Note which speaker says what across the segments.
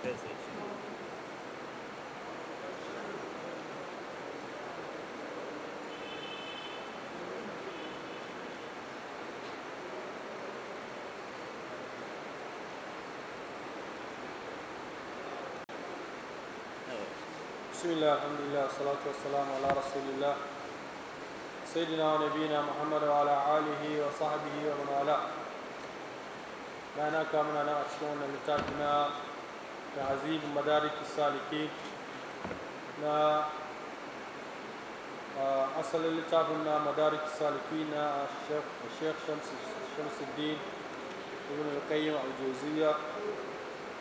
Speaker 1: بسم الله الحمد لله والصلاة والسلام على رسول الله سيدنا ونبينا محمد وعلى آله وصحبه ومن والاه ما ناكا من أنا أشلون تعذيب مدارك السالكين na asalin littafin na madarik saliki na sheikh shamsuddin ibn al-qayyim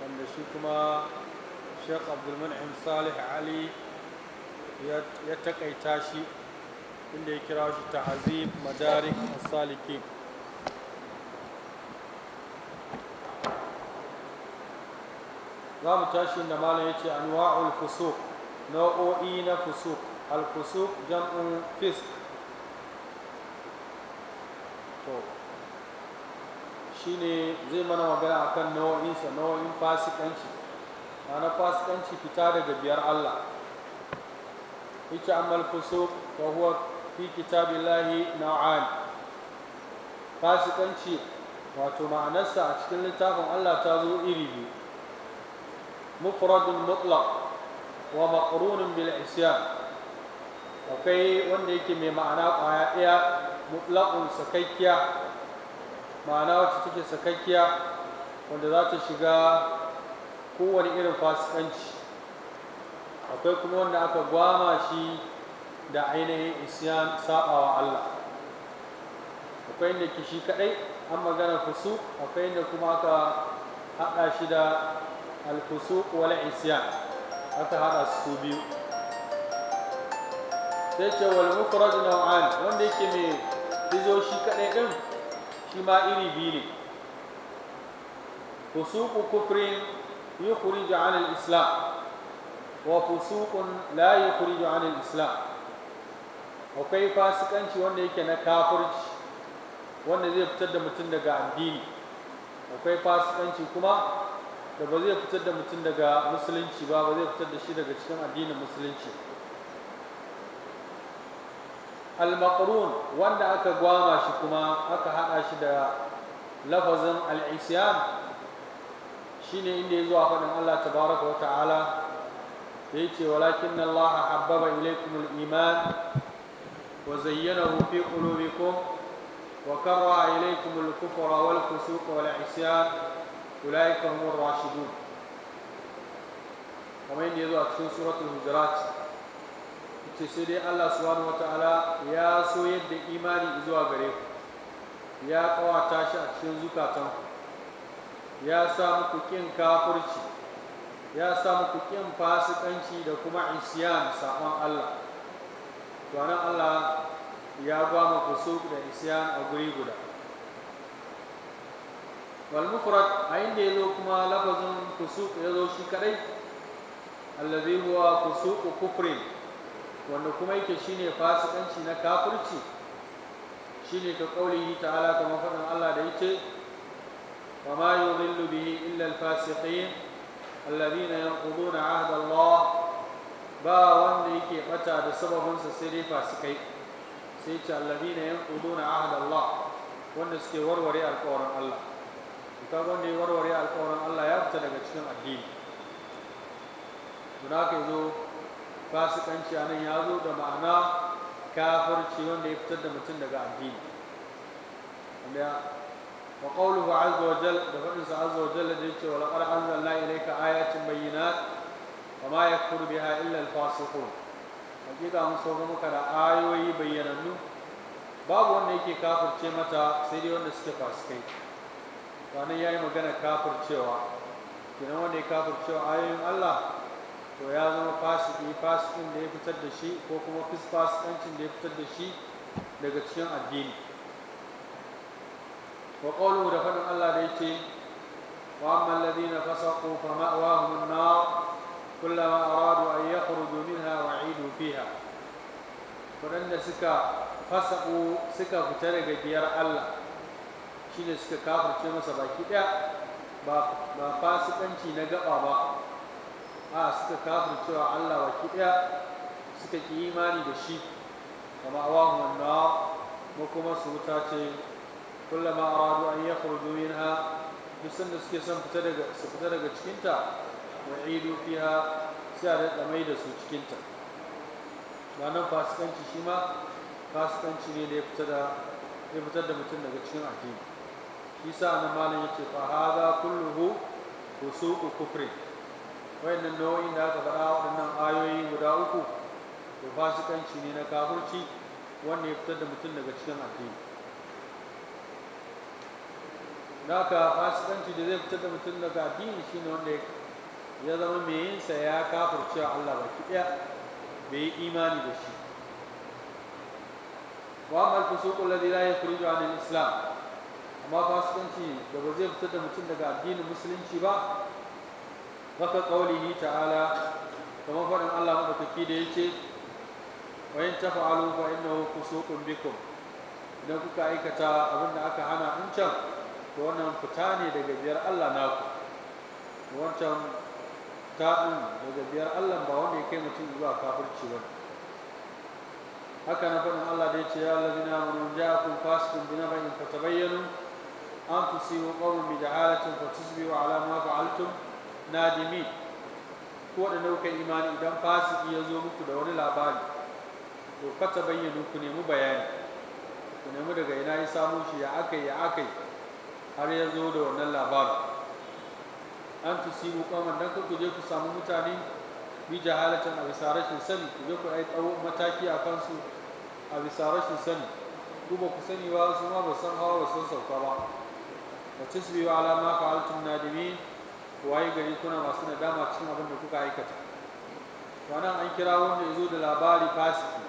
Speaker 1: wanda shi kuma sheikh abdulman'im salih ali ya taƙaita shi inda ya kira shi tahazib madarik saliki za mu tashi da malam ya ce anwa'ul fusuk nau'o'i na fusuk al fusuk jam'un fisk to shine zai mana magana akan nau'insa nau'in fasikanci ma'ana fasikanci fita daga biyar Allah amma amal fusuk wa huwa fi kitabillahi na'an fasikanci wato ma'anarsa a cikin littafin Allah ta zo iri biyu مفرد مطلق ومقرون بالعصيان Akwai wanda yake mai ma'ana ƙwaya ɗaya mutlaqun sakakkiya ma'ana wacce take sakakkiya wanda za ta shiga kowane irin fasikanci akwai kuma wanda aka gwama shi da ainihin isyan sabawa Allah akwai inda ke shi kadai an magana fusu akwai inda kuma aka haɗa shi da alfusuq wal isyan aka hada su biyu sai ce wal mufrad naw'an wanda yake mai izo shi kadai din shi ma iri biyu ne fusuq kufrin yukhrij an al islam wa fusuqun la yukhrij an al islam akwai fasikanci wanda yake na kafirci wanda zai fitar da mutum daga addini akwai fasikanci kuma da ba zai fitar da mutum daga musulunci ba ba zai fitar da shi daga cikin addinin musulunci al-maqrun wanda aka gwama shi kuma aka hada shi da lafazin al-isyan shine inda ya zuwa faɗin Allah tabaraka wa ta'ala da yake walakin Allah habbaba ilaykum al-iman wa zayyanahu fi qulubikum wa karra ilaykum al-kufra wal fusuq wal isyan أولئك هم الراشدون kamar yadda ya zo a cikin suratul hujurat ce sai dai Allah subhanahu wataala ya so yadda imani zuwa gare ku ya kawata shi a cikin zukatan ya sa muku kin kafirci ya sa muku kin fasikanci da kuma isyan saban Allah to nan Allah ya ba muku so da isyan a guri guda wal mufrad a inda yazo kuma lafazin fusuq yazo shi kaɗai, allazi huwa fusuq kufri wanda kuma yake shine fasikanci na kafirci shine ka kaulihi ta'ala kamar faɗin Allah da yake wa ma yudhillu ba wanda yake bata da sababinsa sai dai fasikai sai ce alladhina yanquduna ahda Allah wanda suke warware alƙawarin Allah ka wanda ya warware alkawarin Allah ya fita daga cikin addini don haka zo fasikanci a nan ya zo da ma'ana kafirci wanda ya fitar da mutum daga addini wa qawluhu azza wa jalla da faɗinsa azza wa jalla da yake wa laqad anzalna ilayka ayatin bayyinat wa ma yakfuru biha illa al-fasiqun hakika mun so muka da ayoyi bayyanannu babu wanda yake kafirce mata sai dai wanda suke fasikai wani ya yi magana cewa kenan wanda ya cewa ayoyin Allah to ya zama fasiki fasikin da ya fitar da shi ko kuma fasikancin da ya fitar da shi daga cikin addini wa da faɗin Allah da yake wa amman ladina fasaqu fa ma'wahum an-nar kullama aradu domin ha wa wa'idu fiha waɗanda suka fasa fasaku suka fita daga biyar Allah shine suka kafirce masa baki daya ba fasikanci na gaba ba a suka kafircewa Allah baki daya suka ki imani da shi kama awahu annar kuma su wuta ce kullama aradu an yakhruju minha duk sanda suke son daga su fita daga cikinta wa idu fiha sai a daɗa mai da su cikinta ranar fasikanci shi ma fasikanci ne da ya fitar da mutum daga cikin addini isa na malam yace fa hadha kulluhu fusuqu kufri wayannan nau'in da aka faɗa waɗannan ayoyi guda uku to fasikanci ne na kafirci wanda ya fitar da mutum daga cikin addini naka fasikanci da zai fitar da mutum daga addini shine wanda ya zama mai yinsa ya kafirce Allah baki ɗaya bai yi imani da shi wa amal al-fusuqu alladhi la yakhruju 'an al-islam amma fasikanci da ba zai fitar da mutum daga addinin musulunci ba haka qaulihi ta'ala kamar faɗin Allah madaukaki da yake wa in tafa'alu fa innahu fusuqun bikum idan kuka aikata abin da aka hana in can to wannan fita ne daga biyar Allah naku wancan ta'in daga biyar Allah ba wanda ya kai mutum zuwa kafirci ba haka na faɗin Allah da ya ce ya allazina kun ja'akum fasiqun bi nabain fatabayyanu أن تصيبوا قوما بجهالة فتصبحوا على ما فعلتم نادمين da nauka imani idan fasiki ya zo muku da wani labari to fata bayyana ku nemi bayani ku nemi daga ina ya samu shi ya akai ya akai har ya zo da wannan labarin an mu kwaman dan ku je ku samu mutane bi jahalatan a bisa rashin sani ku je ku ai tsawo mataki a kansu a bisa rashin sani ku ba ku sani ba su ma ba san hawa ba san sauka ba wa tusbihu ala ma fa'altum nadimin waye gari kuna masu nadama cikin abin da kuka aikata wannan an kira wanda ya zo da labari fasiki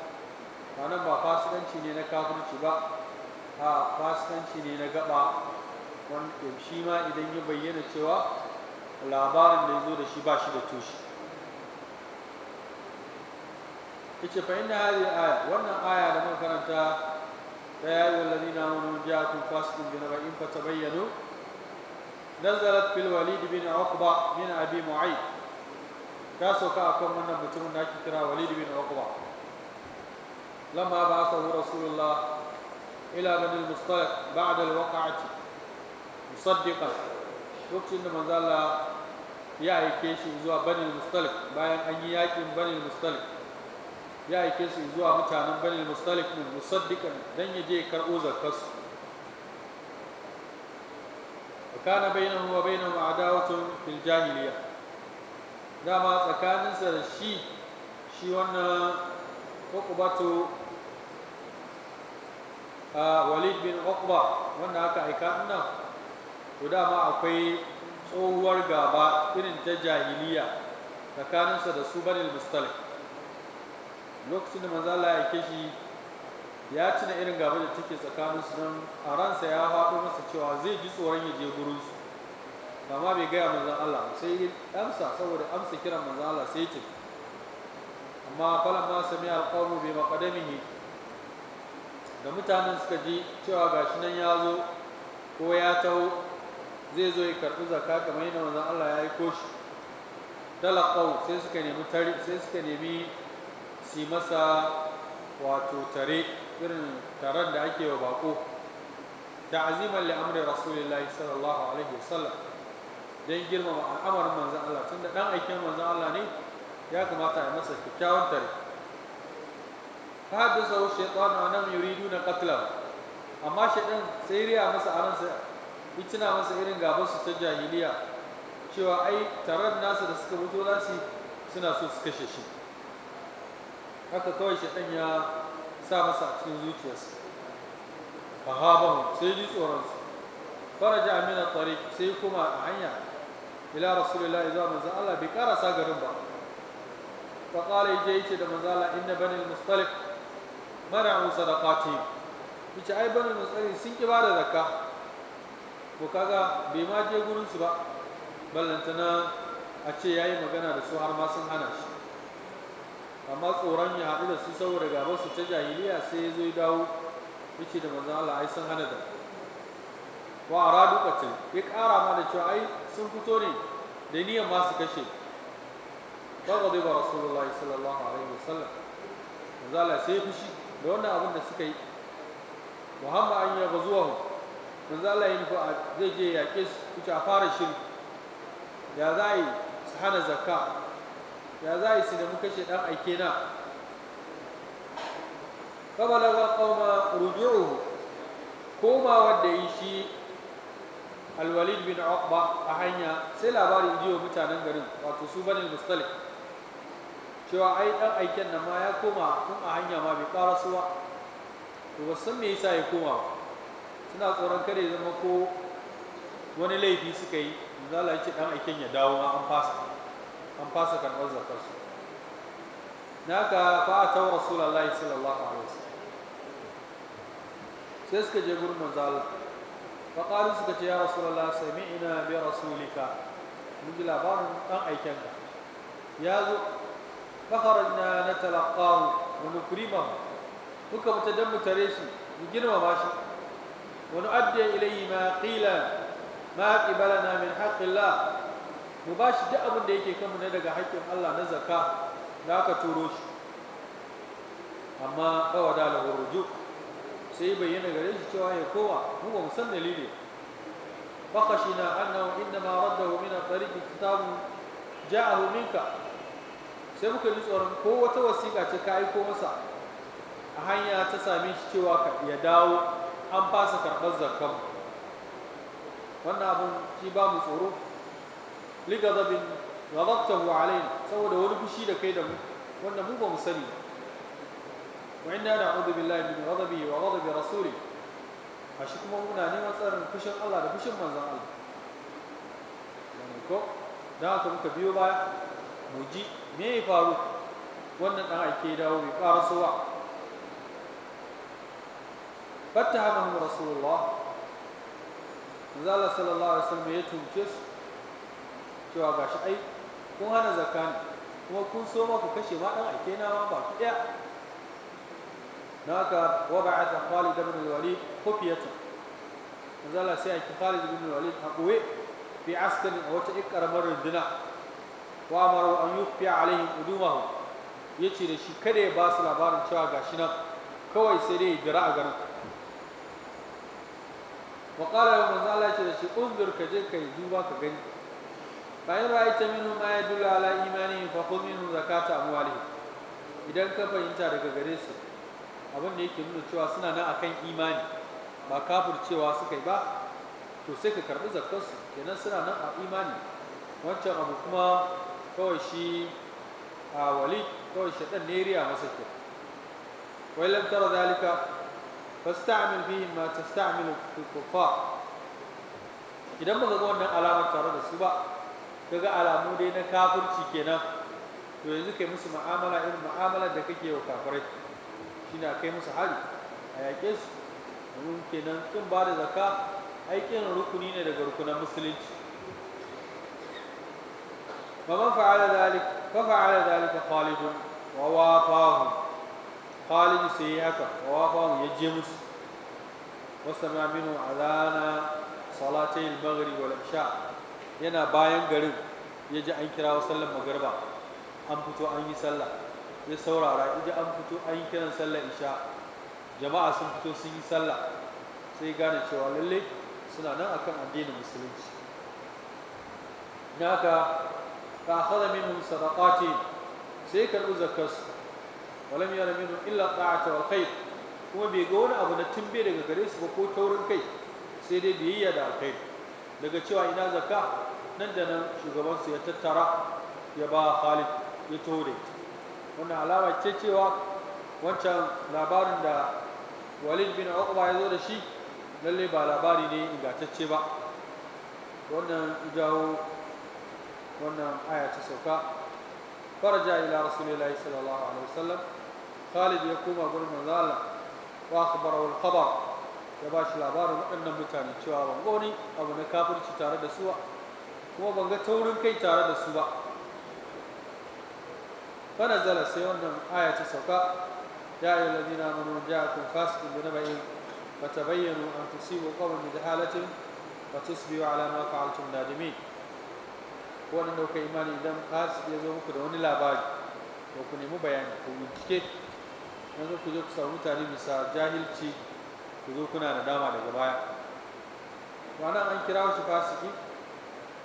Speaker 1: wannan ba fasikanci ne na kafirci ba a fasikanci ne na gaba wanda shi ma idan ya bayyana cewa labarin da ya zo da shi ba shi da tushe ita fa inna aya wannan aya da muka karanta يا أيها الذين آمنوا جاءكم فاسق بنبأ فتبينوا نزلت في الوليد بن عقبة من أبي معيط كاسو كأكم من متمنى كترى وليد بن عقبة لما بعثه رسول الله إلى بني المصطلق بعد الوقعة مصدقا وقت إنما ذال Allah ya وزوى بني المصطلق Banil أن bayan an yi yakin ya aike su zuwa mutanen bani mustalik min musaddiqan dan yaje karbo zakkar su kana bainahu wa bainahu adawatun fil jahiliya dama tsakaninsa da shi shi wannan a walid bin uqba wanda aka aika nan to dama akwai tsohuwar gaba irin ta jahiliya tsakaninsa da su bani mustalik lokacin da manzala Allah ya kishi ya tuna irin gaba da take tsakanin su don a ransa ya faɗo masa cewa zai ji tsoron ya je gurin su amma bai gaya manzan Allah sai yi amsa saboda amsa kiran manzan Allah sai ya amma falon ma sami alƙawmu bai maƙadamihi da mutanen suka ji cewa gashi nan ya zo ko ya taho zai zo ya karɓi zaka kamar yadda manzan Allah ya aiko shi kau sai suka nemi tari sai suka nemi su masa wato tare irin taron da ake wa bako da aziman li'amri rasulillahi sallallahu alaihi wasallam don girmama al'amarin manzan Allah tun da ɗan aikin manzan Allah ne ya kamata ya masa kyakkyawan tare fahad da sau shaitan na nan yuri nuna katila amma shaitan sai riya masa aran sa itina masa irin gaban su ta jahiliya cewa ai taron nasu da suka mutu nasi suna so su kashe shi haka kawai ɗan ya sa masa a cikin zuciyarsa fahabahu sai ji tsoronsu faraja amina tsari, sai kuma a hanya ila rasulullahi zuwa manzon Allah bai karasa garin ba fa qala yaje yace da manzon Allah inna bani al-mustalik mara'u sadaqati yace ai bani al-mustalik sun ki bada zakka ko kaga bai ma je gurin su ba ballantana a ce yayi magana da su har ma sun hana shi amma tsoron ya haɗu da su saboda gaban su ta jahiliya sai ya zo ya dawo yake da manzan Allah ai sun hana da wa aradu qatil ya ƙara ma da cewa ai sun fito ne da niyyar ma su kashe dai ba rasulullah sallallahu alaihi wasallam manzan Allah sai ya fushi da wannan abin da suka yi Muhammad an ya gazuwa manzan Allah ya nufi zai je yaƙe su kuce a fara shiri ya za a yi su hana zakka ya za a yi da muka ɗan aike na fabalaga ƙauma rujuhu komawa yi shi alwalid bin ba a hanya sai labarin jiwa mutanen garin wato su banin mustalik cewa ai ɗan aiken nan ma ya koma tun a hanya ma bai suwa to ba sun me yasa ya koma suna tsoron kada zama ko wani laifi suka yi zala ce ɗan aiken ya dawo ma an fasa أن أنفاس كان أوزع كرس. ناكا فأتوا رسول الله صلى الله عليه وسلم. سيسك جبر منزال. فقال سك يا رسول الله سمعنا برسولك. نجلا بان أن أيكن. يا زو فخرجنا نتلقاه ونكرمه. Muka macam jam mutarisi, begini mawas. Wanu adzai ilaih ma qila, ma ibala nama hak Allah. mu ba shi duk abin da yake kanmu ne daga haƙƙin Allah na zakka da aka turo shi amma ba wada lahu rujuk sai bayyana gare shi cewa ya kowa mu ba mu san dalili shi na annahu ma raddahu min at-tariq kitabu ja'ahu minka sai muka ji tsoron ko wata wasiƙa ce ka aiko masa a hanya ta same shi cewa ya dawo an fasa karɓar zakkan wannan abun shi ba mu tsoro ligadabin ghadabtahu alaina saboda wani fushi da kai da mu wanda mu ba mu sani wa inna na'udhu billahi min ghadabihi wa ghadabi rasuli ashi kuma muna neman tsarin fushin Allah da fushin manzon Allah ko da haka muka biyo baya mu ji me ya faru wannan dan ake dawo bai karasowa fattahamahum rasulullah manzo Allah sallallahu alaihi wasallam ya tunce su cewa shi ai kun hana zakka ne kuma kun so maku kashe ma ɗan aike na ma baki daya naka wa ba'atha Khalid ibn al ko fiyata. zalla sai aiki Khalid ibn al-Walid hakuwe fi askar a wata ikkaramar runduna wa amaru an yukhfi alaihim Ya yace da shi kada ya ba su labarin cewa shi nan kawai sai dai jira a garin wa qala ya manzo da shi unzur ka je kai duba ka gani bayan ra'aita minhu ma yadullu ala imani fa khudh minhu zakata amwalihim idan ka fahimta daga gare su abin da yake nuna cewa suna nan akan imani ba cewa suka yi ba to sai ka karbi zakarsu kenan suna nan a imani wancan abu kuma kawai shi a wali kawai shaɗan ne riya masa ke wai lamtara zalika fasta'amil fihi ma ta fi kuffar idan ba ga wannan alamar tare da su ba kaga alamu dai na kafirci kenan to yanzu kai musu mu'amala irin mu'amala da kake wa kafirai shine a kai musu hali a yaƙe su mun kenan kin ba da zakka aikin rukuni ne daga rukunan musulunci فمن فعل ذلك ففعل ذلك خالد ووافاه خالد سيئك ووافاه يجمس وسمع منه أذان صلاتي المغرب والعشاء yana bayan garin ya ji an kira sallar magarba an fito an yi sallah ya saurara ji an fito an yi kiran sallar isha jama'a sun fito sun yi sallah sai gane cewa lalle suna nan akan addinin musulunci naka ka akhadha minhum sadaqati sai ka ruza kas walam yara minhum illa ta'ata wa khair kuma bai ga wani abu na tumbe daga gare su ba ko taurin kai sai dai biyayya da alkhairi daga cewa ina zakka nan da nan shugaban su ya tattara ya ba Khalid ya tore wannan alawa ce cewa wancan labarin da Walid bin Uqba ya zo da shi lalle ba labari ne ingantacce ba wannan jawo wannan aya ta sauka faraja ila rasulillahi sallallahu alaihi wasallam Khalid ya koma gurin manzo Allah wa akhbarahu al-khabar ya ba shi labarin waɗannan mutane cewa ban abu na kafirci tare da su ba kuma ban ga taurin kai tare da su ba fana zala sai wannan aya ta sauka ya yi lalina manu kan fasikin da na bayin ba ta bayyana an tusibu qawmin da halatin ba ta su biyu alama ka wannan da kai imani idan fasik ya zo muku da wani labari ba ku nemi bayani ko bincike yanzu ku je ku samu mutane bisa jahilci ku zo kuna da dama daga baya wannan an kira shi fasiki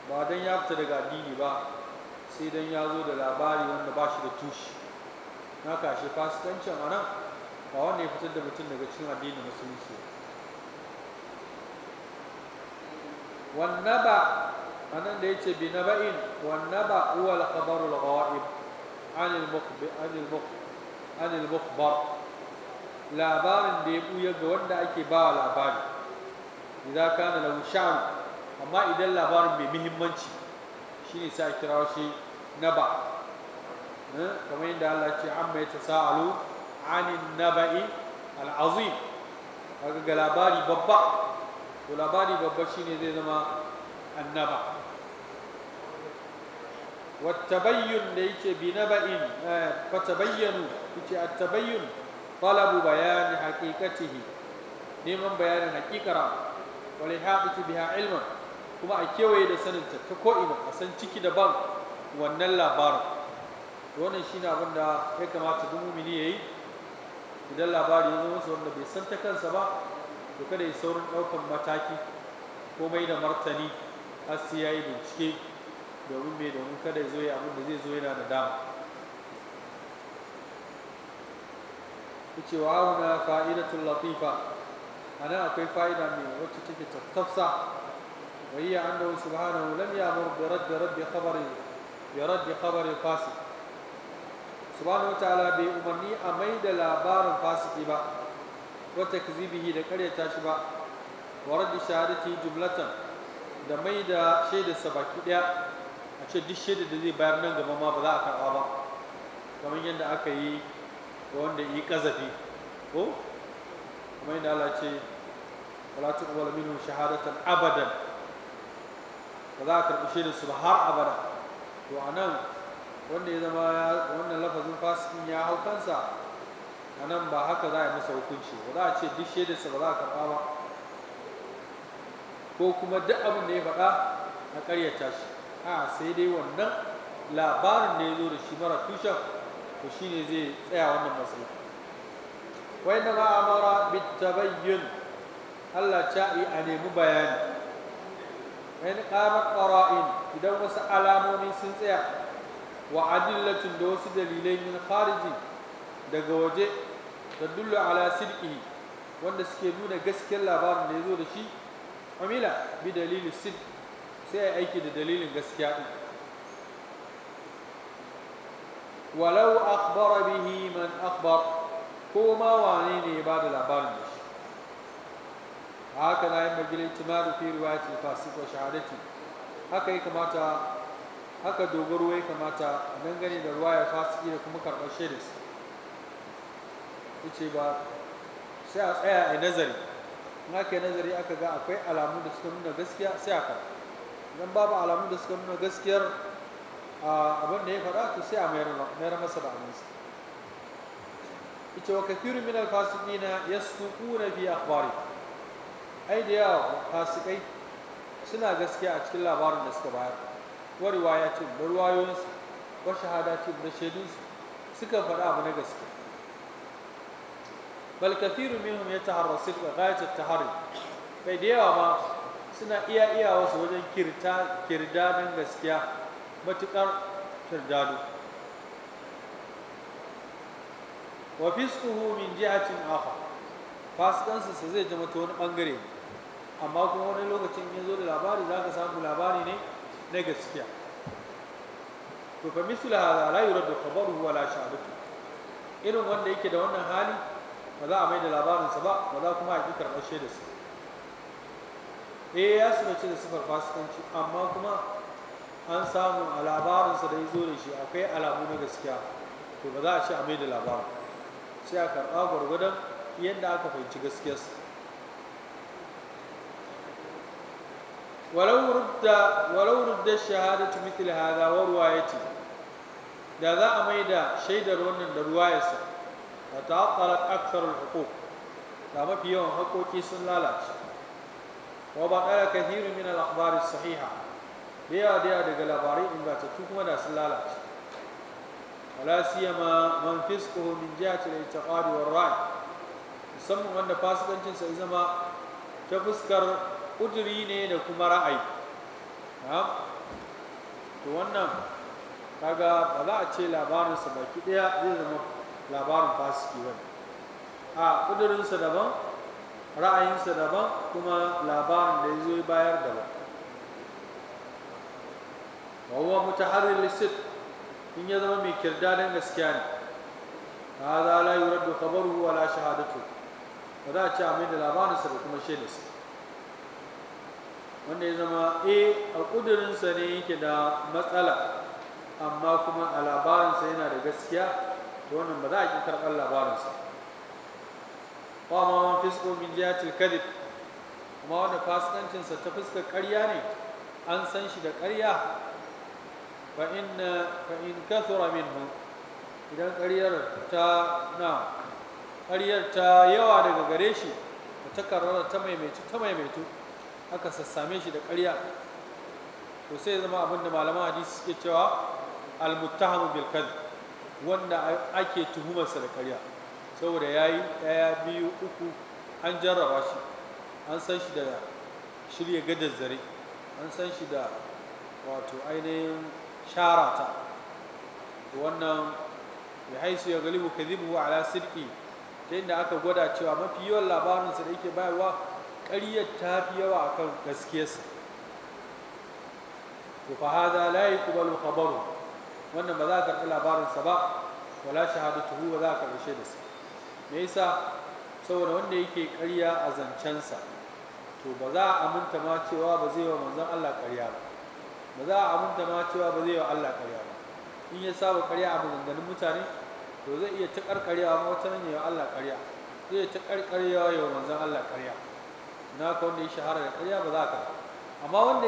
Speaker 1: ba dan ya fita daga addini ba sai dan ya zo da labari wanda ba shi da tushi. na kashe fasikancin a nan ba wanda ya fitar da mutum daga cikin addinin musulunci wannaba a nan da ya ce bi naba'in wannaba huwa al-khabarul ghaib anil mukbar labarin da ya buya ga wanda ake ba wa labari idza kana lahu sha'ru amma idan labarin mai muhimmanci shine sai a kira shi naba eh, kamar yadda Allah ce amma ya anin naba'i al'azim kaga ga labari babba to labari babba shine zai zama annaba والتبين ليك بنبأ فتبينوا يك التبين talabu bayani haqiqatihi neman bayanin haqiqar wa ta biha ilma kuma a kewaye da sanin ta ko ina a san ciki da ban wannan labarin wannan shine abin da ya kamata duk mumini yayi idan labari ya zo masa wanda bai san ta kansa ba to kada ya saurin ɗaukan mataki ko mai da martani har sai ya yi bincike domin mai domin kada ya zo ya abin da zai zo yana da dama yace wa huna fa'idatul latifa ana akwai fa'ida mai wacce take tattafsa wa hiya annahu subhanahu lam ya'mur bi radd radd khabari bi radd khabari fasiq subhanahu ta'ala bai umarni a mai da labarin fasiki ba wa takzibihi da karyata shi ba wa radd shahadati jumlatan da maida da shaidarsa baki daya a ce duk shaida da zai bayar nan gaba ma ba za a kaba ba kamar yadda aka yi ko wanda yi kazafi ko kuma yi Allah ce wala shahadatan abadan ba za a karɓi shaidar su ba har abada to nan wanda ya zama wannan lafazin fasikin ya hau kansa A nan ba haka za a yi masa hukunci ba za a ce duk su ba za a karɓa ba ko kuma duk abin da ya faɗa a ƙaryata shi a sai dai wannan labarin da ya zo da shi mara tushen to shi ne zai tsaya wannan matsayi wai na ba mara bitabayyun Allah ta yi a nemi bayani wani ƙamar ƙara'in idan wasu alamomi sun tsaya wa adillatin da wasu dalilai min fariji daga waje da dullu ala sidqi wanda suke nuna gaskiyar labarin da ya zo da shi amila bi dalilin sidq sai aiki da dalilin gaskiya din. walau akhbara bihi man akhbar ko ma wane ne ba da labarin da shi haka na yi magilin timaru fi riwayati fasik wa shahadati haka ya kamata haka dogaro ya kamata a dangane da ruwa ya fasiki da kuma karɓar shaidarsa ce ba sai a tsaya a nazari in haka yi nazari aka ga akwai alamu da suka nuna gaskiya sai a karɓa idan babu alamu da suka nuna gaskiyar abin da ya faɗa to sai a mayar masa da abinsa ita wa kathirun min alfasiqina yasfuquna bi akhbari ai da yawa fasikai suna gaskiya a cikin labarin da suka bayar wa riwayatin da ruwayoyinsu wa shahadatin da shaidunsu suka faɗa abu na gaske bal kathirun minhum yataharra sidqa ghayat at-tahari kai da yawa ma suna iya iya wasu wajen kirta kirdanin gaskiya matuƙar firdado wa fisquhu min cin akha fasikansa sa zai zama ta wani bangare amma kuma wani lokacin ya zo da labari za ka samu labari ne na gaskiya to fa misla hadha la yurad khabaruhu wala shahadatu irin wanda yake da wannan hali ba za a mai da labarinsa ba ba za kuma a ƙi karɓar shaidarsa eh ya sunace da sifar fasikanci amma kuma an samu a labarinsa da ya zo da shi akwai alamu na gaskiya to ba za a ce a mai da labarin sai a karɓa gwargwadon yadda aka fahimci gaskiyarsa walau rudda walau rudda shahadatu mithli hadha wa ruwayati da za a mai da shaidar wannan da ruwayarsa wa ta'attalat akthar al-huquq da mafi yawan haƙoƙi sun lalace wa baqala kathirun min al-akhbar as-sahiha da yawa da yawa daga labarai ingantattu kuma da sun lalace wala siyama man fisquhu min jihati al-i'tiqad wa rai musamman wanda fasikancin sa zama ta fuskar kuduri ne da kuma ra'ayi to wannan kaga ba za a ce labarin sa baki daya zai zama labarin fasiki bane a Kudurinsa daban ra'ayin sa daban kuma labarin da ya zo bayar daban wa huwa mutaharrir lisid in ya zama mai na gaskiya ne hada la yuraddu khabaruhu wala shahadatu ba za a ci amin da labarin sa da kuma shaidar sa wanda ya zama eh a kudirin sa ne yake da matsala amma kuma a labarin sa yana da gaskiya to wannan ba za a ki karɓar labarin sa ba ma man fisko min jihatil kadhib kuma wanda fasikancinsa ta fuskar ƙarya ne an san shi da ƙarya فإن فإن كثر منه إذا قرير تا نعم قرير تا يوا daga gare shi ta karrara ta maimaitu ta maimaitu aka sassame shi da ƙarya to sai zama abin da malaman hadisi suke cewa al-muttahamu bil wanda ake tuhumarsa da ƙarya saboda yayi ɗaya biyu uku an jarraba shi an san shi da shirya gadazzare zare an san shi da wato ainihin shara ta wannan ya haisu ya galibu kadhibuhu ala sidqi ta inda aka gwada cewa mafi yawan labarinsa da yake bayarwa ƙaryar ta fi yawa akan gaskiyarsa to fa hada la yuqbalu khabaru wannan ba za ka karɓi labarinsa ba wala shahadatuhu ba za ka karɓi shaidarsa me yasa saboda wanda yake ƙarya a zancensa to ba za a aminta ma cewa ba zai wa manzon Allah ƙarya ba ba za a aminta ma cewa ba zai yi wa Allah karya ba in ya saba karya a maganganun mutane to zai iya ta karkarewa ma wata nan ya wa Allah karya zai ta karkarewa yawa manzan Allah karya na ka wanda ya shahara da karya ba za ka amma wanda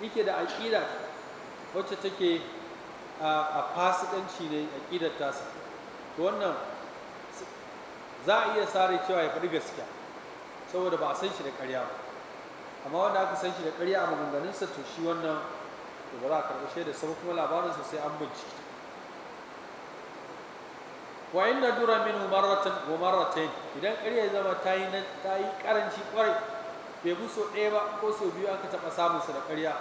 Speaker 1: yake da aƙida wacce take a fasikanci ne aƙidar tasa to wannan za a iya sare cewa ya faɗi gaskiya saboda ba a san shi da karya ba amma wanda aka san shi da karya a maganganunsa to shi wannan to ba za a karɓi shaida sa kuma labarinsa sai an bincike wa inna dura min marratan wa marratayn idan ƙarya zama ta yi ta yi karanci kwarai bai bi so ɗaya ba ko so biyu aka taɓa samun sa da ƙarya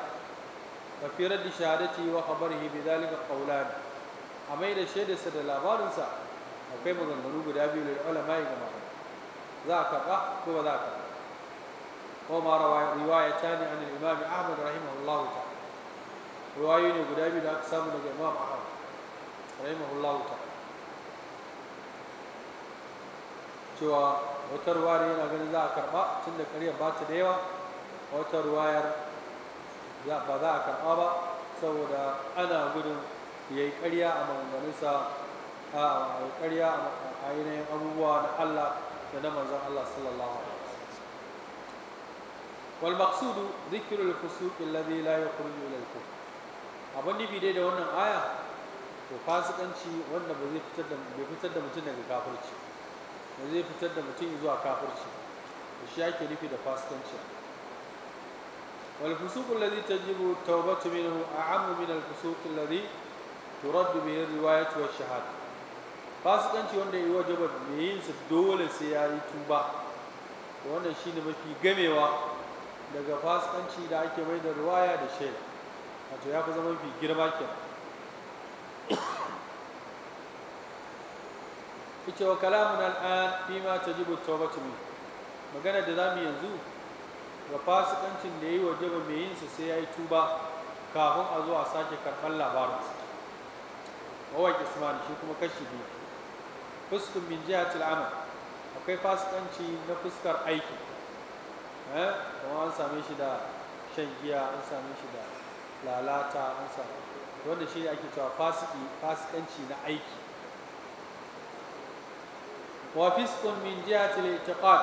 Speaker 1: Ka fi raddi shahadati wa khabarihi bi dhalika qawlan a mai da shaidarsa da labarinsa akwai maganganu guda biyu da ulama ga malamai za a karɓa ko ba za a karɓa وما ta ne الإمام أحمد رحمه الله تعالى روايين قدامي لا أقسام من الجماعة معهم رحمه الله تعالى جوا آه، وتر واري نعمل ذا كربا تند كريه بات ديوا وتر واير يا بذا كربا سودا أنا غدو يي كريا أما منسا ها كريا أينه أبوه الله نعم زمان الله صلى الله عليه وسلم والمقصود ذكر الفسوق الذي لا يخرج إلى الكفر abin nufi dai da wannan aya to fasikanci wanda ba zai fitar da bai fitar da mutum daga kafirci ba zai fitar da mutum zuwa kafirci to shi yake nufi da fasikanci wal fusuq alladhi tajibu tawbatu minhu a'am min al fusuq alladhi turad al riwayat wa shahada fasikanci wanda ya wajaba ne yin su dole sai ya yi tuba wannan shine mafi gamewa daga fasikanci da ake mai da riwaya da shaida wato ya fi zama mafi girma ke ita wa kalamun al'an fi ma ta jibu taubatu min magana da zamu yanzu ga fasikancin da ya yi waje ba mai yinsa sai ya yi tuba kafin a zo a sake karɓar labarinsa wawai ismail shi kuma kashi biyu fuskun min jihatil amal akwai fasikanci na fuskar aiki eh kuma an same shi da shan giya an same shi da lalata an wanda shi ake cewa fasiki fasikanci na aiki wa fiskun min jihati al-i'tiqad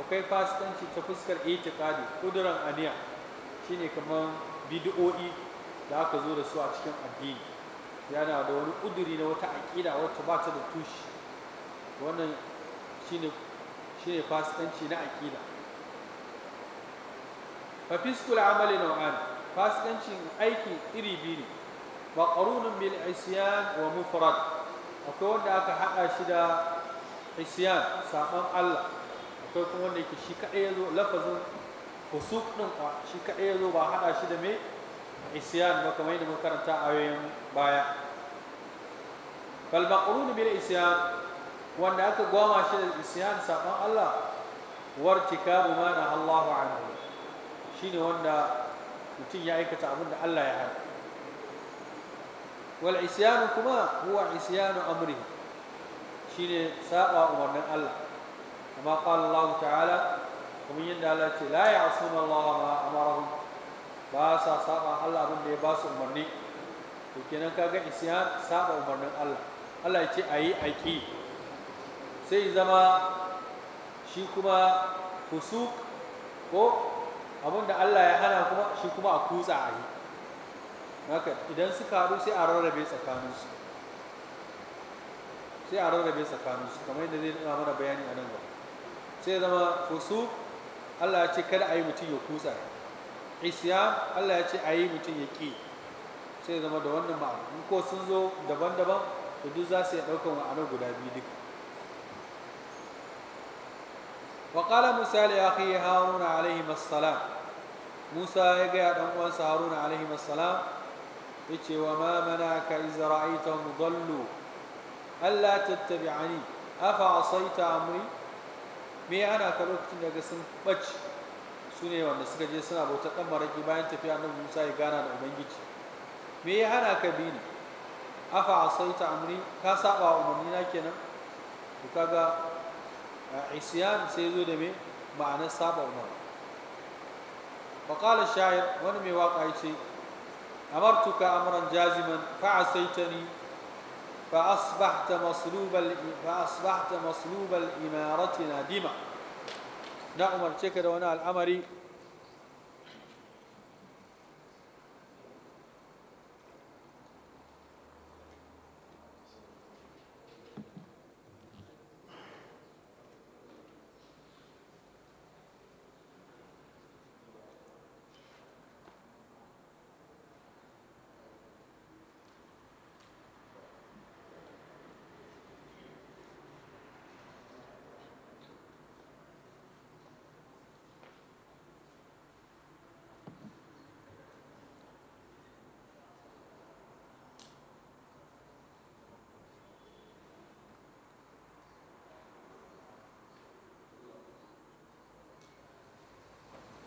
Speaker 1: akwai fasikanci ta fuskar i'tiqadi kuduran aniya shine kamar bid'o'i da aka zo da su a cikin addini yana da wani kuduri na wata aqida wacce ba ta da tushi wannan shine shine fasikanci na aqida fa fiskul amali naw'an fasikancin aiki iri biyu ba maqrunun bil isiyan wa mufrad akwai wanda aka hada shi da isyan saban Allah akwai kuma wanda yake shi kadai yazo lafazin fusuq din kwa shi kadai yazo ba hada shi da me isiyan ba kamar yadda muka karanta a yayin baya fal maqrun bil isiyan, wanda aka gwama shi da isiyan saban Allah wartikabu ma na Allahu anhu shine wanda mutum ya aikata abin da Allah ya hana wal isyanu kuma huwa isyanu amri shine saba umarnin Allah amma qala Allah ta'ala kuma yadda Allah ce la ya'suna Allah ma amarahum ba sa saba Allah abin da ya ba su umarni to kenan kaga isyan saba umarnin Allah Allah ya ce ayi aiki sai zama shi kuma fusuk ko abin da Allah ya hana kuma shi kuma a kutsa a yi haka idan suka haɗu sai a rarrabe tsakaninsu sai a rarrabe tsakaninsu kamar yadda zai nuna mana bayani a nan gaba sai zama fusu Allah ya ce kada a yi mutum ya kutsa isya Allah ya ce a yi mutum ya ƙi sai zama da wannan ma'a in ko sun zo daban-daban to duk za su yi ɗaukar ma'anar guda biyu duka وقال موسى لأخيه هارون عليهما السلام موسى يقع أنواس هارون عليهما السلام يتي وما منعك إذا رأيتهم ضلوا ألا تتبعني أفعصيت أمري me ana ka lokacin daga sun su ne wanda suka je suna bautar ɗan maraƙi bayan tafiya annabi musa ya gana da ubangiji me ya hana ka bi ni amri ka saba wa umarni kenan isyan sai zo da me ma'anar saba umarni faƙalar shayar wani mai waƙa ya ce amartuka amuran jaziman fa'asaitani فأصبحت maslubal فأصبحت مصلوب الإمارة نادما نعمر تكر wani alamari.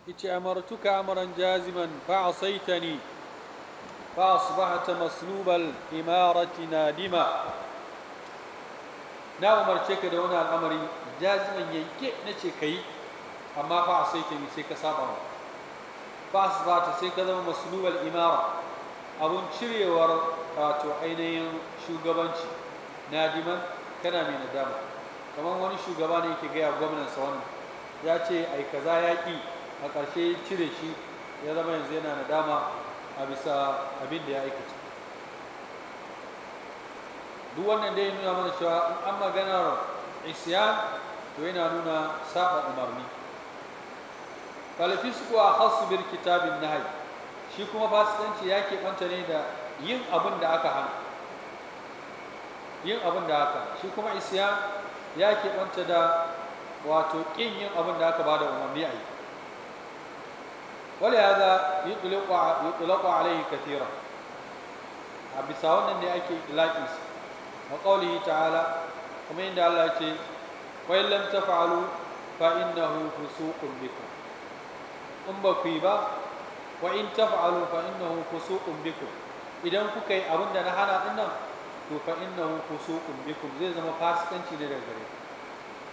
Speaker 1: yace amartuka amran jaziman fa asaitani fa asbahta maslubal imarati nadima na umarce ka da wani al'amari jaziman yanke na ce ka yi amma fa a sai ka sai ka saba wa ba su ba sai ka zama masulubal imara abun cirewar wato ainihin shugabanci nadiman kana mai nadama kamar wani shugaba ne gaya gwamnansa wannan ya ce ai kaza a ƙarshe cire shi ya zama yanzu yana nadama a bisa abin da ya aikata duk wannan dai nuna mana cewa in an magana isyan to yana nuna saba umarni falfisku a hasu bir kitabin nahi shi kuma fasikanci ya keɓanta ne da yin abin da aka hana yin abin da aka shi kuma isyan ya keɓanta da wato ƙin yin abin da aka ba da umarni a yi ولهذا يطلق يطلق عليه كثيرا bisa wannan ne ake ilaƙinsa a ƙaunihi ta'ala kuma inda Allah ce wayan lam tafa'alu fa innahu fusuqun bikum in ba ku yi ba wa in tafa'alu fa innahu fusuqun bikum idan kuka yi abinda na hana din nan zai zama fasikanci ne daga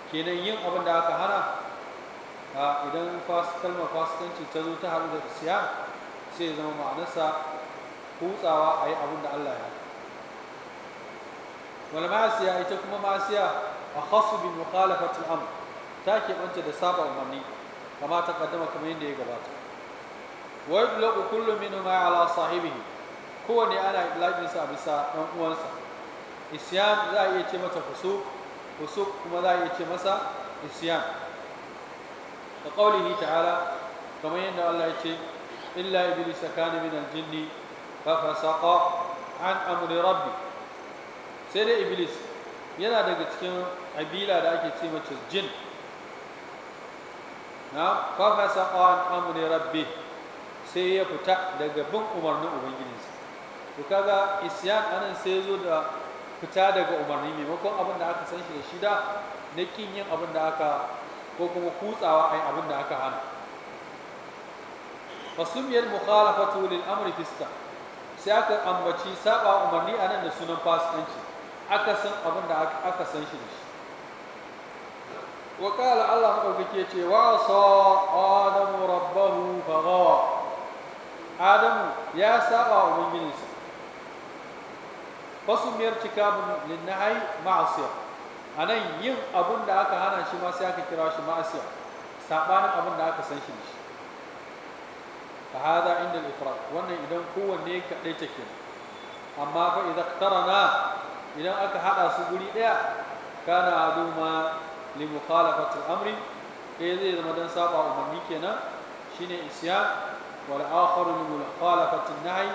Speaker 1: kenan yin abin da aka hana idan kalmar fasikanci ta zo ta haɗu da siya sai zama ma'anarsa hutsawa a yi abin da Allah ya Wani ma'asiya ita kuma ma'asiya a bin bi mukhalafatil amr ta keɓanta da saba umarni kama ta kaddama kamar yadda ya gabata Wai yudlaqu kullu minhuma ala sahibihi kowane ana ilajin sa bisa ɗan uwansa isyan za a iya ce mata fusuk fusuk kuma za a iya ce masa Isiyan. ka ta hala kamar yadda Allah ya ce illa iblis tsakanin min al-jinni fa fasaqa an amri rabbi sai dai iblis yana daga cikin abila da ake ce mace jin na fa fasaqa an amri rabbi sai ya fita daga bin umarnin ubangijinsa to kaga isyan anan sai zo da fita daga umarni maimakon abin da aka san shi da shida na kin yin abin da aka ko kuma kutsawa ai abin da aka hana fasumiyar mukhalafatu lil amri fiska sai aka ambaci saba umarni a nan da sunan fasikanci aka san abin da aka san shi da shi wa qala Allah ke ce wa sa adamu rabbahu faghawa adamu ya saba ubangijinsa fasumiyar kitabun lin nahi ma'asiyah a nan yin abun da aka hana shi ma sai aka kira shi ma'asiya saɓanin abun da aka san shi ne shi fa hada inda al wannan idan kowanne kaɗai take amma fa idza na, idan aka haɗa su guri daya kana aduma li mukhalafati al-amri kai eh zai zama dan saba umarni kenan shine isya wal akharu li mukhalafati an-nahy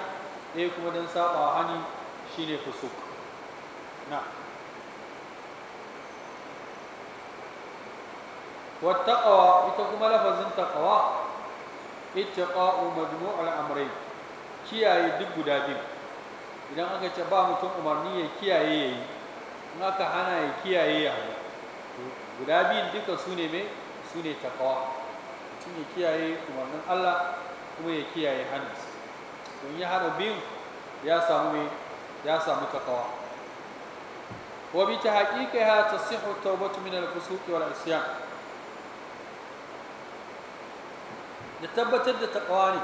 Speaker 1: eh kuma dan saba hani shine fusuk na'am wattaqawa ita kuma lafazin taqawa ittaqa'u majmu'ul amri kiyaye duk guda biyu idan aka ce ba mutum umarni ya kiyaye yayi in aka hana ya kiyaye ya hana guda biyun duka su ne me su ne mutum ya kiyaye umarnin Allah kuma ya kiyaye hannunsa don ya hana biyu, ya samu me ya samu sihhu tawbatu min al-fusuq wal isyan da tabbatar da taƙawa ne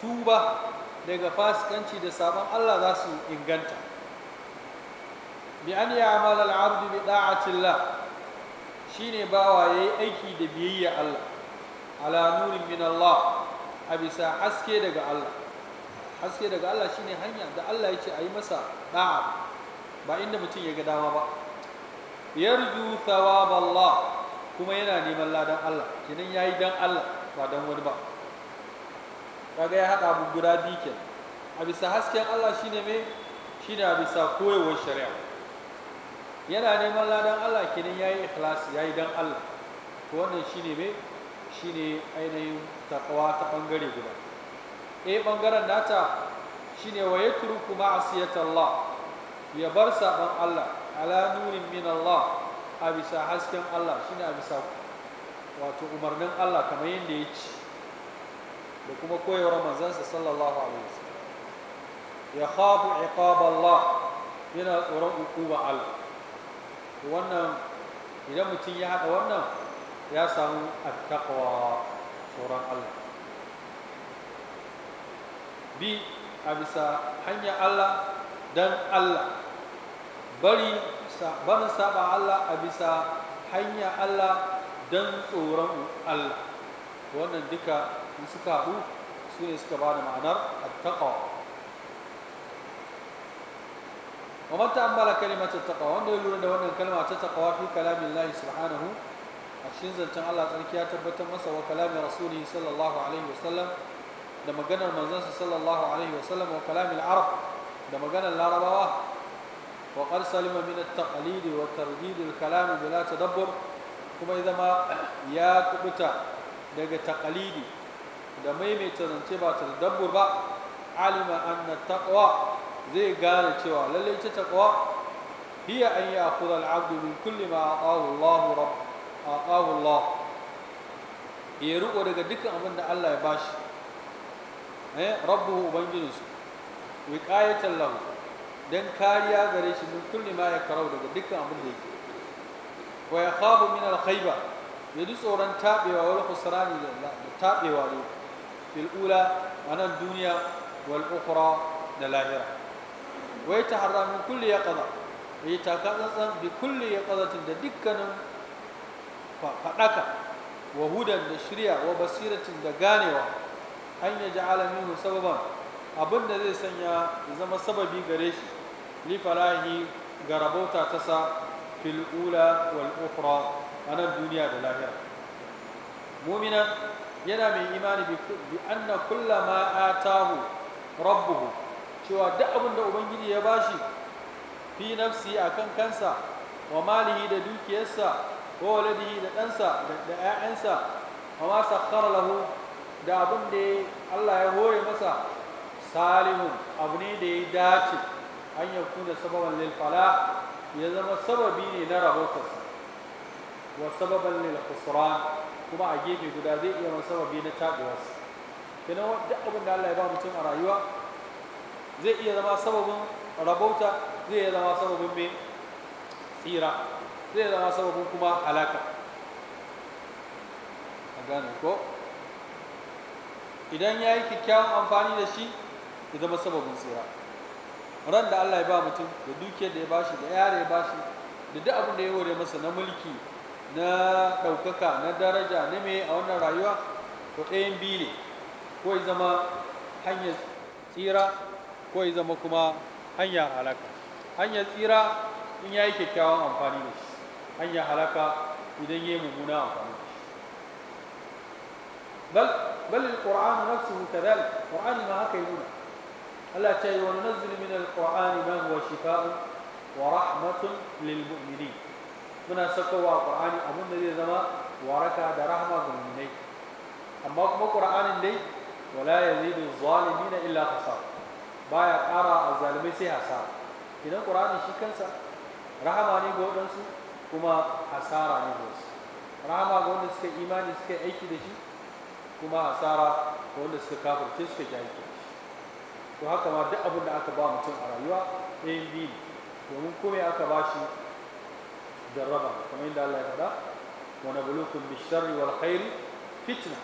Speaker 1: tuba daga fasikanci da sabon Allah za su inganta bi an ya'mal al-'abdu bi da'atillah shine bawa yayi aiki da biyayya Allah ala nurin min Allah a bisa haske daga Allah haske daga Allah shine hanya da Allah ya ce a yi masa da'a ba inda mutum ya ga dama ba yarju thawab Allah kuma yana neman ladan Allah ya yayi dan Allah ba don wani ba kaga ya haɗa abu guda biyu a bisa hasken Allah shine mai shine a bisa koyewar shari'a yana neman ladan Allah kenan yayi ya yayi dan Allah to wannan shine mai shine ainihin takawa ta bangare guda eh bangaren nata shine wa yatruku ma'siyatallah ya bar saban Allah ala nurin min Allah a bisa hasken Allah shine a bisa wato umarnin Allah kamar yadda ya ce da kuma koyarwar manzansa sallallahu alaihi wasallam ya khafu iqab Allah yana tsoron hukuma Allah wannan idan mutum ya haɗa wannan ya samu attaqwa tsoron Allah bi a bisa hanyar Allah dan Allah bari barin saba Allah a bisa hanya Allah don tsoron Allah wannan duka in suka haɗu su ne suka ba da ma'anar attaqwa wa man ta'ammala ta attaqwa wanda ya lura da wannan kalma ta taqwa fi kalamin Allah subhanahu a cikin zancen Allah tsarki ya tabbatar masa wa kalamin rasuli sallallahu alaihi da maganar manzansa sallallahu alaihi wa kalamin arab da maganar larabawa wa qad salima min at-taqlid wa tardid al-kalam bila tadabbur kuma ya zama ya kubuta daga takalidi da maimaita zance ba ta dabbur ba alima na taqwa zai gane cewa lallai ta taqwa hiya an yi akwai abdu min kulli ma a Allah rabb ya riko daga dukkan abin da Allah ya bashi eh rabbuhu ubangijinsu wiqayatan lahu dan kariya gare shi min kulli ma ya karau daga dukkan abin da yake wa ya khabu min al-khayba ya ji tsoron taɓewa wal khusrani da taɓewa ne filula a nan duniya wal ukhra da lahira Wai ta taharra min kulli yaqza ya taka tsantsan bi kulli yaqzatin da dukkanin faɗaka wa hudan da shirya wa basiratin da ganewa an ya ja'ala minhu sababan abin da zai sanya ya zama sababi gare shi li falahi ga rabauta ta sa fil anan duniya da lahira mu'mina yana mai imani bi anna kullama atahu rabbuhu cewa duk abin ubangiji ya bashi fi nafsi akan kansa wa malihi da dukiyarsa wa waladihi da ɗansa da ƴaƴansa wa ma sakhkhara lahu da abin da Allah ya hore masa salihu abu ne da ya dace an yakuna sababan lil falah ya zama sababi ne na rahotarsa wa sababan lil khusran kuma a gefe guda zai iya zama sababi na tabuwarsa kenan duk abin da Allah ya ba mutum a rayuwa zai iya zama sababin rabauta zai iya zama sababin mai tsira zai iya zama sababin kuma halaka a gane ko idan ya yi kyakkyawan amfani da shi ya zama sababin tsira ran da Allah ya ba mutum da dukiyar da ya bashi da yare ya bashi da duk abin da ya ware masa na mulki na ɗaukaka na daraja na me a wannan rayuwa ko ɗayan biyu ne ko ya zama hanyar tsira ko ya zama kuma hanyar halaka hanyar tsira in ya yi kyakkyawan amfani da shi hanyar halaka idan ya yi mummuna amfani da shi bal bal alquran nafsuhu kadhalik quran ma haka yi nuna Allah ce wa nazzil min alqur'ani ma huwa shifaa'un wa rahmatun lil mu'minin muna sakawa qur'ani abin da zai zama waraka da rahma ga mu'minai amma kuma qur'anin dai wala yazidu zalimina illa khasara baya ƙara azzalimai sai hasara idan qur'ani shi kansa rahama ne ga waɗansu kuma hasara ne ga wasu rahama ga wanda suka imani suka aiki da shi kuma hasara ga wanda suka kafirce suka aiki. to haka ma duk abin da aka ba mutum a rayuwa ɗayan biyu domin komai aka ba shi jarraba kamar yadda Allah ya faɗa wa nabluukum bish-sharri wal khairi fitna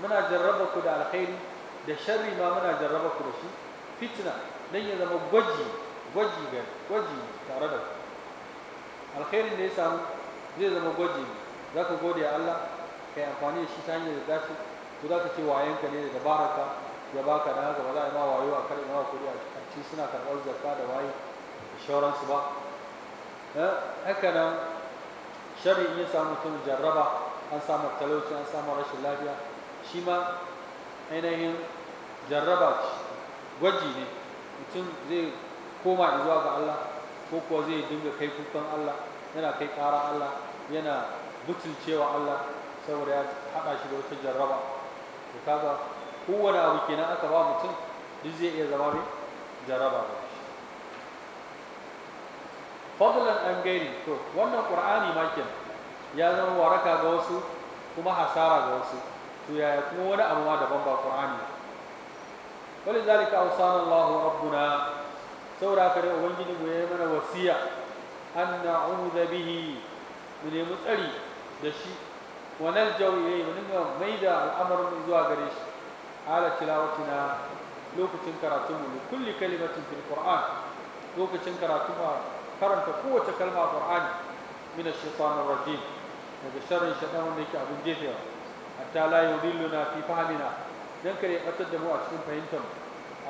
Speaker 1: muna jarraba ku da alkhairi da sharri ma muna jarraba ku da shi fitna dan ya zama gwaji gwaji ga gwaji tare da alkhairi alkhairin da ya samu zai zama gwaji zaka gode Allah kai amfani da shi ta hanyar da dace ko zaka ce wayanka ne da baraka ya baka dan haka ba za a yi ma wayo a karɓi ma kuɗi a ci suna karɓar zakka da waye su ba eh, haka nan shari in ya samu mutum jarraba an samu talauci an samu rashin lafiya shi ma ainihin jarraba gwaji ne mutum zai koma zuwa ga Allah ko kuwa zai dinga kai kukan Allah yana kai ƙara Allah yana butulcewa Allah saboda ya haɗa shi da wata jarraba to kaga kowane abu kenan aka ba mutum duk zai iya zama mai jaraba ba fadlan an gairi to wannan qur'ani ma ya zama waraka ga wasu kuma hasara ga wasu to yaya kuma wani abu ma daban ba qur'ani wani zalika ausana Allah rabbuna saura kare ubangiji mu yayi mana wasiya an na'udhu bihi mu ne tsari da shi wa naljau ilayhi mu ne mu maida zuwa gare shi حال تلاوتنا لوكتين كراتمو لكل كلمة في القرآن لوكتين كراتمو كرنت قوة كلمة القرآن من الشيطان الرجيم daga sharrin shaɗan da yake abin jefewa hatta la yudilluna fi fahmina dan kare batar da a cikin fahimtar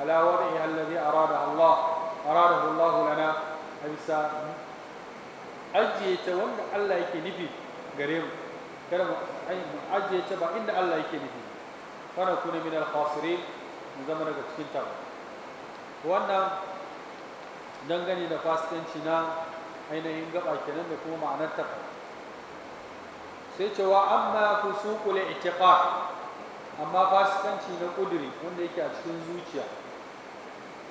Speaker 1: ala wadi allazi arada Allah aradahu Allah lana abisa ajiye ta wanda Allah yake nufi ajiye ta ba inda Allah yake nufi kana kuna min al-khasirin zama daga cikin ta wannan dangane da fasikanci na ainihin gaba kenan da kuma ma'anar ta sai cewa amma fusuqul i'tiqad amma fasikanci na kuduri wanda yake a cikin zuciya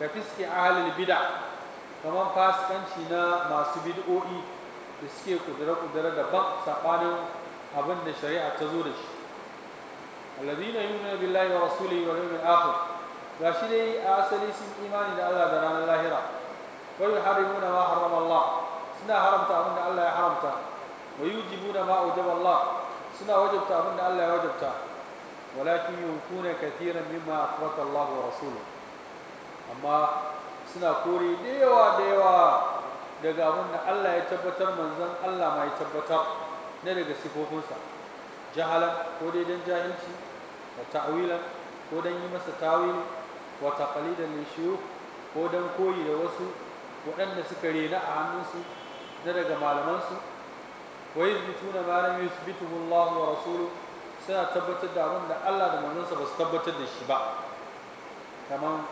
Speaker 1: ka fiske ahlul bid'a kamar fasikanci na masu bid'o'i da suke kudura-kudura daban saɓanin abin da shari'a ta zo da shi alladhina yu'minuna billahi wa rasulihi wal yawmil akhir gashi dai a asali sun imani da Allah da ranar lahira wa yuharrimuna ma harrama Allah suna haramta abin da Allah ya haramta wa yujibuna ma ujaba Allah suna wajabta abin da Allah ya wajabta walakin yunkuna kathiran mimma akhbata Allah wa rasuluhu amma suna kore da yawa da yawa daga abin da Allah ya tabbatar manzon Allah ma ya tabbatar na daga sifofinsa jahala ko dai dan jahilci wa ta'wila ko dan yi masa tawili wa taqlidan min shuyukh ko dan koyi da wasu waɗanda suka rena a hannunsu na daga malamansu wa yuthbituna ma lam yuthbituhu Allah wa rasuluhu suna tabbatar da abin da Allah da manzansa ba su tabbatar da shi ba kamar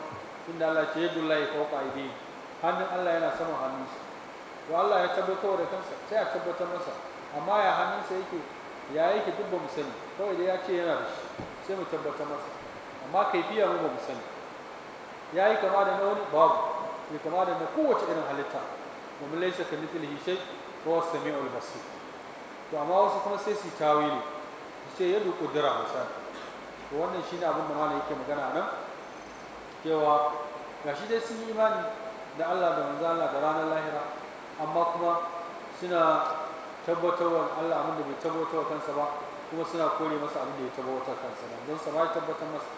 Speaker 1: inda Allah ce yadda Allah ya kawo hannun Allah yana saman hannunsa to Allah ya tabbatar da kansa sai a tabbatar masa amma ya hannunsa yake ya yake duk ba mu sani kawai dai ya ce yana da shi sai mu tabbatar masa amma kaifiya mu ba mu sani ya yi kama da na wani babu bai kama da na kowace irin halitta wa mun laisa ka mithlihi shay wa to amma wasu kuma sai su ne su ce yadu qudra misali to wannan shine abin da malam yake magana nan cewa gashi dai sun yi imani da Allah da manzo Allah da ranar lahira amma kuma suna tabbatarwa Allah abin da bai tabbatarwa kansa ba kuma suna kore masa abin da ya tabbatar kansa ba don sa ba ya tabbatar masa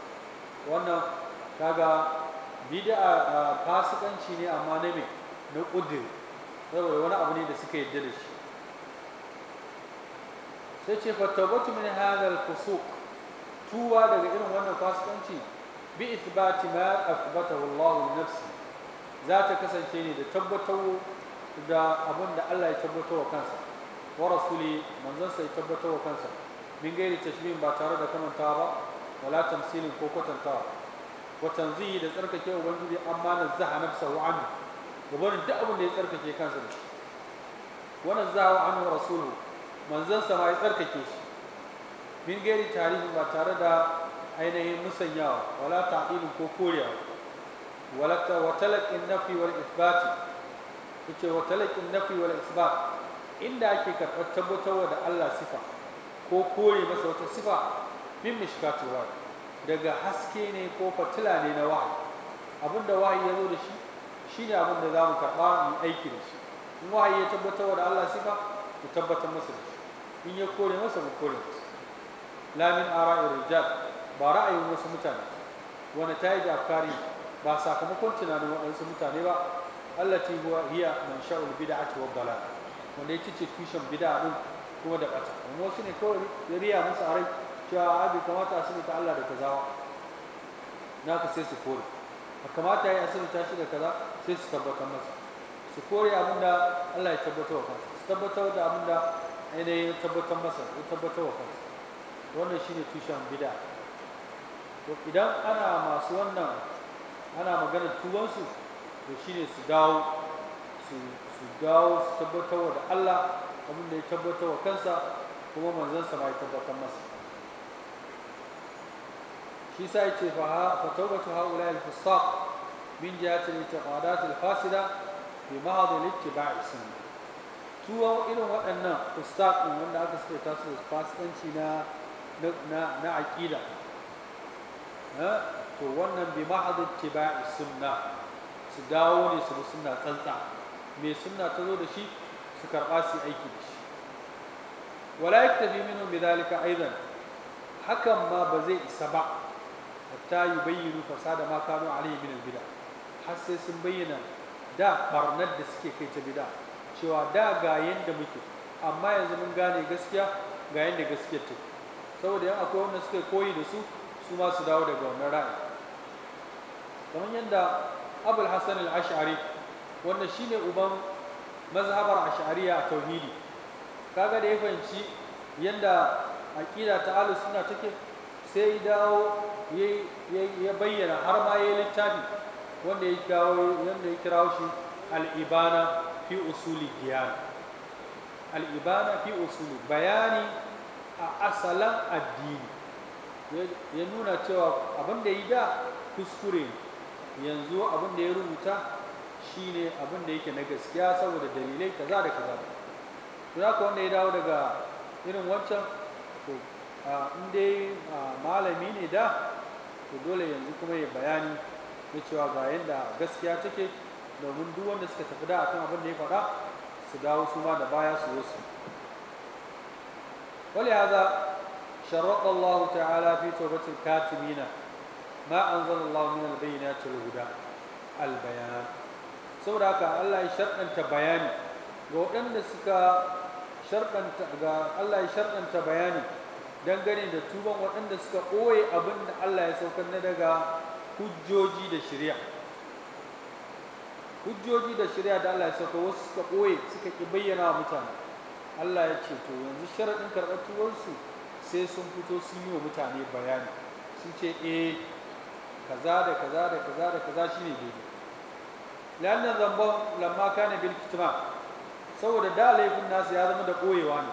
Speaker 1: wannan kaga bid'a fasikanci ne amma na me na ƙudiri, saboda wani abu ne da suka yadda da shi sai ce fattabatu min hadha fusuq tuwa daga irin wannan fasikanci bi ithbati ma athbatahu Allah li nafsi za ta kasance ne da tabbatar da abin da Allah ya tabbatar wa kansa wa rasuli manzon sai tabbatar wa kansa min gairi tashmin ba tare da kamanta ba wala tamsilin ko kwatantawa wa tanzihi da tsarkake ubangiji amma na zaha nafsahu anhu gabanin duk abin da ya tsarkake kansa da shi wannan zaha anhu rasulu manzon sa ma ya tsarkake shi min gairi tarihi ba tare da ainihin musanyawa wala ta'ilin ko koriya. wala ta wa talaqin nafi wal isbat yace wa talaqin nafi wal isbat inda ake karɓar tabbatarwa da Allah sifa ko kore masa wata sifa min mishkatu wahi daga haske ne ko fatila ne na wahayi abinda wahayi ya zo da shi shine abin da zamu karɓa mu aiki da shi in wahayi ya tabbatarwa da Allah sifa ku tabbatar masa da shi in ya kore masa mu kore masa lamin min ara'i rijal ba ra'ayin wasu mutane wani ta yi afkari ba sakamakon tunanin wasu mutane ba allati huwa hiya man sha'ul bid'ati wa dalal wanda yake ce tushen bid'a din kuma da bata amma wasu ne kawai ya riya musu a rai cewa bai kamata a ta Allah da kazawa na ka sai su kore a kamata ya yi asibita shi da kaza sai su tabbatar masa su kore abin da Allah ya tabbatar wa kansa su tabbatar da abin da ainihin ya tabbatar masa ya tabbatar wa kansa wannan shi ne tushen bid'a to idan ana masu wannan ana maganar tubansu to shine su dawo su su dawo su tabbatarwa da Allah abin da ya tabbatarwa kansa kuma manzansa ma ya tabbatar masa shi sa yace fa fa tawbatu haula al fusaq min jihati al i'tiqadat al fasida bi mahad al ittiba' sunna tuwa irin waɗannan fusaq din wanda aka suka taso fasikanci na na na aqida to wannan bi mahad ittiba' sunna su dawo ne su bi sunna tsantsa mai sunna ta zo da shi su karɓa su aiki da shi wala tafi minu mai dalika aizan hakan ma ba zai isa ba hatta fasa da ma kanu alayhi min albida har sai sun bayyana da barnar da suke kai ta bida cewa da ga yadda muke amma yanzu mun gane gaskiya ga yadda gaskiya ta saboda yan akwai wanda suke koyi da su su ma su dawo daga wannan ra'ayi kamar yadda abul hasan al-ash'ari wanda shine uban mazhabar ash'ariya a tauhidi kaga da ya fahimci yadda aƙida ta ahlus sunna take sai dawo ya bayyana har ma yayi littafi wanda ya kawo yanda ya kirawo shi al-ibana fi usuli diyan al-ibana fi usuli bayani a asalan addini ya nuna cewa abin da yi da kuskure yanzu abin da ya rubuta shi abin da yake na gaskiya saboda dalilai kaza da kaza to za ka wanda ya dawo daga irin wancan to in dai malami ne da to dole yanzu kuma ya bayani na cewa ga yadda gaskiya take domin duk wanda suka tafi da akan abin da ya faɗa su dawo su ma da baya su zo su ولهذا شرط الله تعالى في توبة الكاتمين ما أنزل الله من البينات الهدى البيان saboda haka Allah ya sharɗanta bayani ga waɗanda suka sharɗanta ga Allah ya sharɗanta bayani dangane da tuban waɗanda suka ɓoye abin da Allah ya saukar na daga hujjoji da shirya hujjoji da shirya da Allah ya sauka wasu suka ɓoye suka ƙi bayyana wa mutane Allah ya ce to yanzu sharaɗin karɓar tuwarsu sai sun fito sun yi wa mutane bayani sun ce eh kaza da kaza da kaza da kaza shine daidai لأن ذنبهم لما كان بالكتاب سود دا ليف الناس يا زمن دقوي وان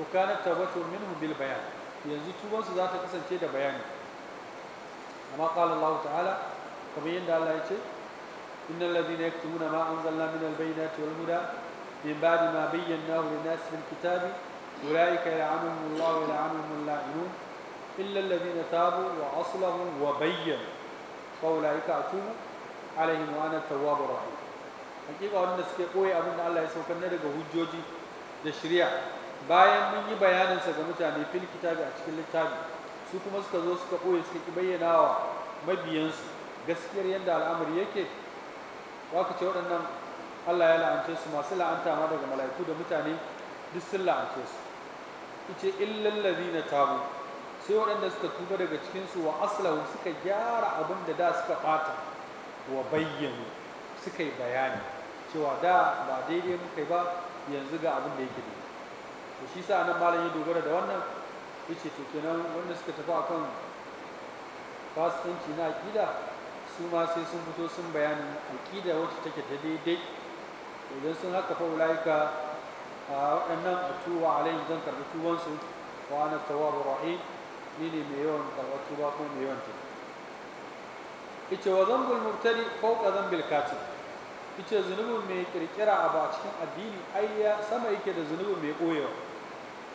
Speaker 1: وكانت توبته منه بالبيان ينزل توبه سذات كسر شيء بيان كما قال الله تعالى كما يند الله إن الذين يكتبون ما أنزلنا من البينات والهدى من بعد ما بيناه للناس في الكتاب أولئك يلعنهم الله ويلعنهم اللاعنون إلا الذين تابوا وأصلهم وبينوا فأولئك أتوبوا alaihim wa ana tawwabu rahim hakika wanda suke koyi abin da Allah ya saukar ne daga hujjoji da shari'a bayan mun yi bayanin sa ga mutane fil kitabi a cikin littafi su kuma suka zo suka koyi suka ki bayyana wa mabiyansu gaskiyar yadda al'amari yake waka ce waɗannan Allah ya la'ance su masu la'anta ma daga mala'iku da mutane duk sun la'ance su ice illal ladina tabu sai waɗanda suka tuba daga cikinsu wa aslahu suka gyara abin da da suka ɓata wa bayyanu suka yi bayani cewa da ba daidai muka yi ba yanzu ga abin da yake da to shi sa nan malam ya dogara da wannan yace to kenan wanda suka tafi akan fasikanci na aƙida su ma sai sun fito sun bayani akida wacce take ta daidai idan sun haka fa ulaika a waɗannan a tuwa alayhi zan karɓi tuwansu wa ana tawwabu rahim ni ne mai yawan karɓar tuba ko mai yawan tafi Ice wa zambul Murtali fawqa zambil katib Ice zunubin mai kirkira abu a cikin addini ai ya sama yake da zunubin mai koyewa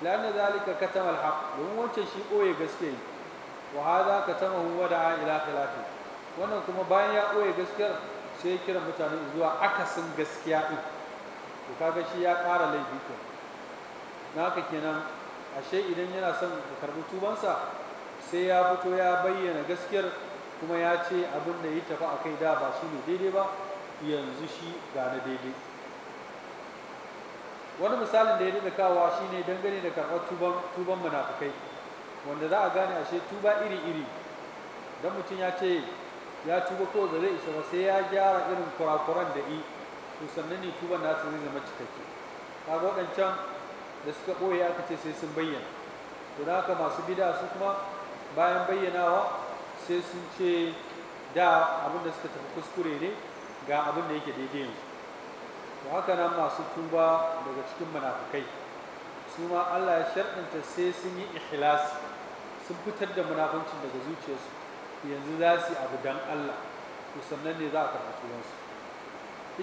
Speaker 1: la'anna zalika katama alhaq domin wancan shi koye gaske ne. wa hadha katamahu wa da'a ila khilafi wannan kuma bayan ya koye gaskiyar sai ya kira mutane zuwa akasin gaskiya din to kaga shi ya ƙara laifi to naka kenan ashe idan yana son ka karbi tubansa sai ya fito ya bayyana gaskiyar kuma ya ce abin da ya tafi a kai da ba shi ne daidai ba yanzu shi ga na daidai wani misalin da ya daɗa kawa shi ne dangane da karɓar tuban tuban munafukai wanda za a gane ashe tuba iri-iri don mutum ya ce ya tuba ko da zai isa ba sai ya gyara irin kurakuran da i to sannan ne tuban nasu zai zama cikakke kaga waɗancan da suka ɓoye aka ce sai sun bayyana to da haka masu bida su kuma bayan bayyanawa sai sun ce da abin da suka tafi kuskure ne ga abin da yake daidai yanzu to haka nan masu tuba daga cikin munafukai su ma Allah ya sharɗanta sai sun yi ikhlas sun fitar da munafuncin daga zuciyarsu yanzu za su yi abu dan Allah to sannan ne za a karɓi tubansu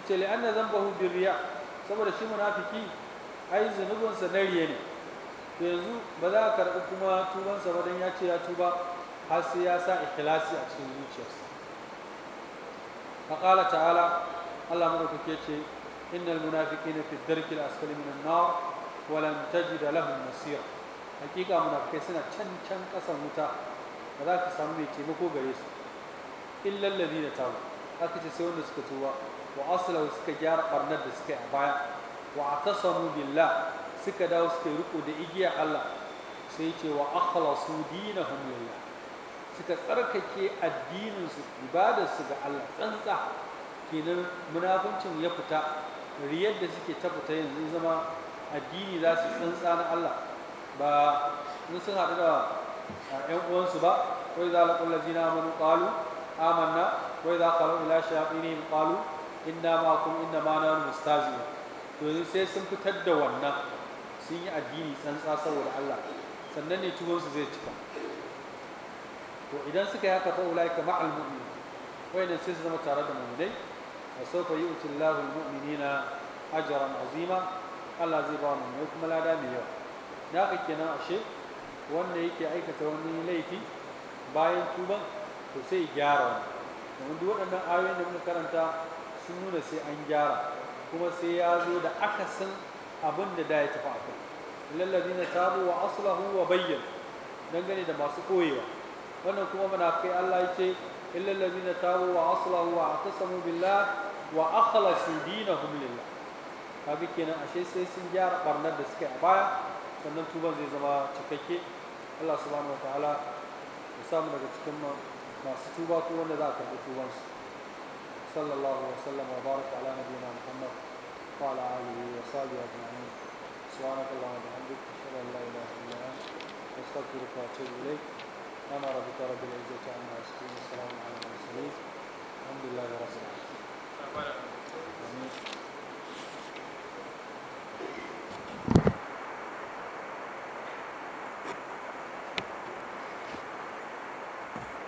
Speaker 1: ita li anna zambahu birriya saboda shi munafiki ai zunubinsa na riya ne to yanzu ba za a karɓi kuma tubansa ba dan ya ce ya tuba har sai ya sa ikhlasi a cikin zuciyarsa faqala ta'ala Allah mu dauke ce innal munafiqina fi dharki al-asfali min an-nar wa lam tajid lahum suna can can kasan wuta ba za ka samu mai taimako gare su illa da tabu aka ce sai wanda suka tuba wa aslahu suka gyara barnar da suka yi a baya wa atasamu billah suka dawo suka yi riko da igiya Allah sai ce wa akhlasu dinahum lillah suka tsarkake addininsu ibadarsu ga Allah tsantsa kenan munafuncin ya fita riyar da suke ta fita yanzu zama addini za su tsantsa na Allah ba in sun haɗu da ‘yan uwansu ba wai za laƙon lazina amanu ƙalu amanna wai za ƙalu ila shayaɗinihim ƙalu inna ma kun inna ma na mustazi to yanzu sai sun fitar da wannan sun yi addini tsantsa saboda Allah sannan ne tuwonsu zai cika to idan suka yi haka fa ulaika ma'al mu'minin wayannan sai su zama tare da mu'minai wa sawfa yu'ti Allahu al-mu'minina ajran azima Allah zai ba mu kuma lada mai yawa da haka kenan ashe wanda yake aikata wani laifi bayan tuba to sai gyara wani duk waɗannan ayoyin da muka karanta sun nuna sai an gyara kuma sai ya zo da akasin abin da da ya tafi a kai lallazina tabu wa aslahu wa bayyan dangane da masu koyewa فانا كما من افكي الله يتي الا الذين تابوا واصلحوا واعتصموا بالله واخلصوا دينهم لله هذه كنا اشي سي سنجار برنا دسك ابا سنن توبا زي زما تشككي الله سبحانه وتعالى يسام لك تكون ما ستوبا كون ذاك بتوبا صلى الله وسلم وبارك على نبينا محمد وعلى اله وصحبه اجمعين سبحانك اللهم وبحمدك اشهد ان لا اله الا انت استغفرك واتوب اليك أمر بك رب العزة عما يصفون وسلام على المرسلين الحمد لله رب العالمين